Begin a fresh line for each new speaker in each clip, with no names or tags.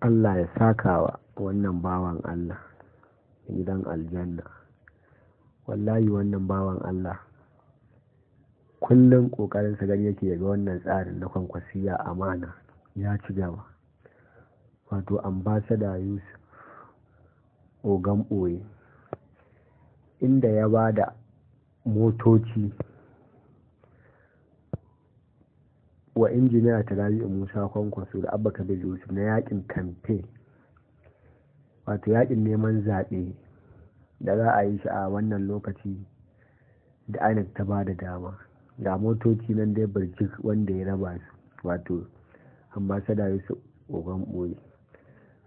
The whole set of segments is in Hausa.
Allah ya wa wannan bawan Allah gidan aljanna wallahi wannan bawan Allah kullum kokarin sa gani yake ga wannan tsarin na kwankwasiya amana ya ci gaba wato ambassador Yusuf Ogan ɓoye inda ya ba da motoci wa injiniya ta in musa kwankwaso da abba kabir yusuf na yakin kamfe wato yakin neman zaɓe da za a yi shi a wannan lokaci da inec ta ba da dama ga motoci nan dai birjik wanda ya raba su wato ambasada yusuf ogon ɓoye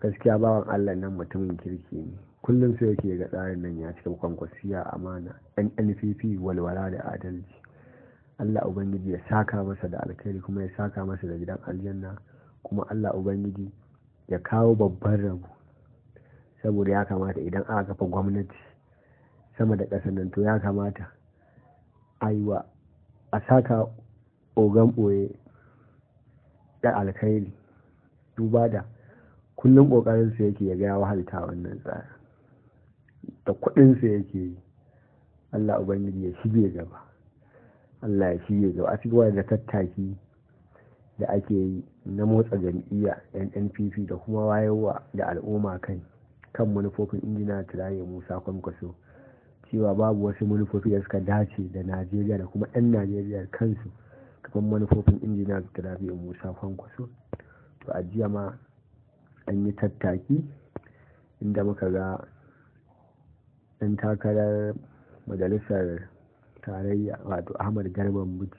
gaskiya bawan allah nan mutumin kirki ne kullum sai yake ga tsarin nan ya cika kwankwasiya amana nnpp walwala da adalci Allah ubangiji ya saka masa da alkhairi kuma ya saka masa da gidan aljanna kuma Allah ubangiji ya kawo babban rabo saboda ya kamata idan aka kafa gwamnati sama da ƙasa nan to ya kamata aiwa a saka ogan ɓoye da alkhairi duba da kullum ƙoƙarinsu yake ya gaya wahalta wannan tsara da kuɗinsu yake yi Allah Ubangiji ya shige gaba Allah ya shi ya zo a cikin da tattaki da ake yi na motsa jam'iyya NNPP da kuma wayarwa da al'umma kai kan manufofin injina tiraye Musa Kwankwaso cewa babu wasu manufofi da suka dace da Najeriya da kuma 'yan Najeriya kansu kafin manufofin injina tiraye Musa Kwankwaso to a jiya ma an yi tattaki inda muka ga ɗan takarar majalisar tarayya wato ahmad garban buci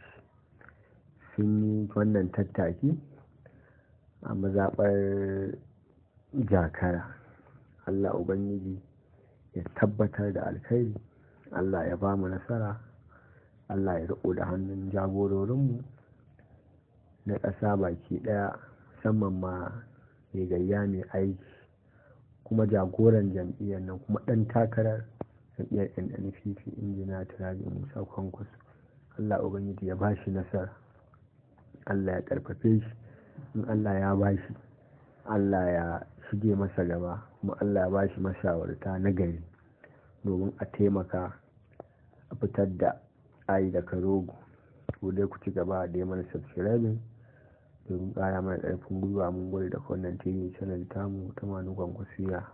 sun yi wannan tattaki a mazaɓar jakara allah ubangiji ya tabbatar da alkhairi allah ya ba mu nasara allah ya riƙo da hannun jagororinmu na ƙasa baki ɗaya musamman ma mai gayya mai aiki kuma jagoran jam'iyyar nan kuma ɗan takarar jam'iyyar nnpp injiniya turaji musa kwankwas allah ubangiji ya bashi nasara allah ya karfafe shi in allah ya bashi allah ya shige masa gaba kuma allah ya bashi mashawarta na gari domin a taimaka a fitar da ayi da karogo ku dai ku ci gaba da yi mana subscribing domin ƙara mana ƙarfin gwiwa mun gwada da kwanan tv channel tamu ta manu kwankwasiya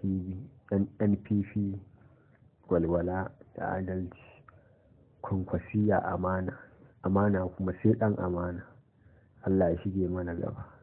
tv NNPP walwala da adalci kwankwasiya amana amana kuma sai ɗan amana Allah ya shige mana gaba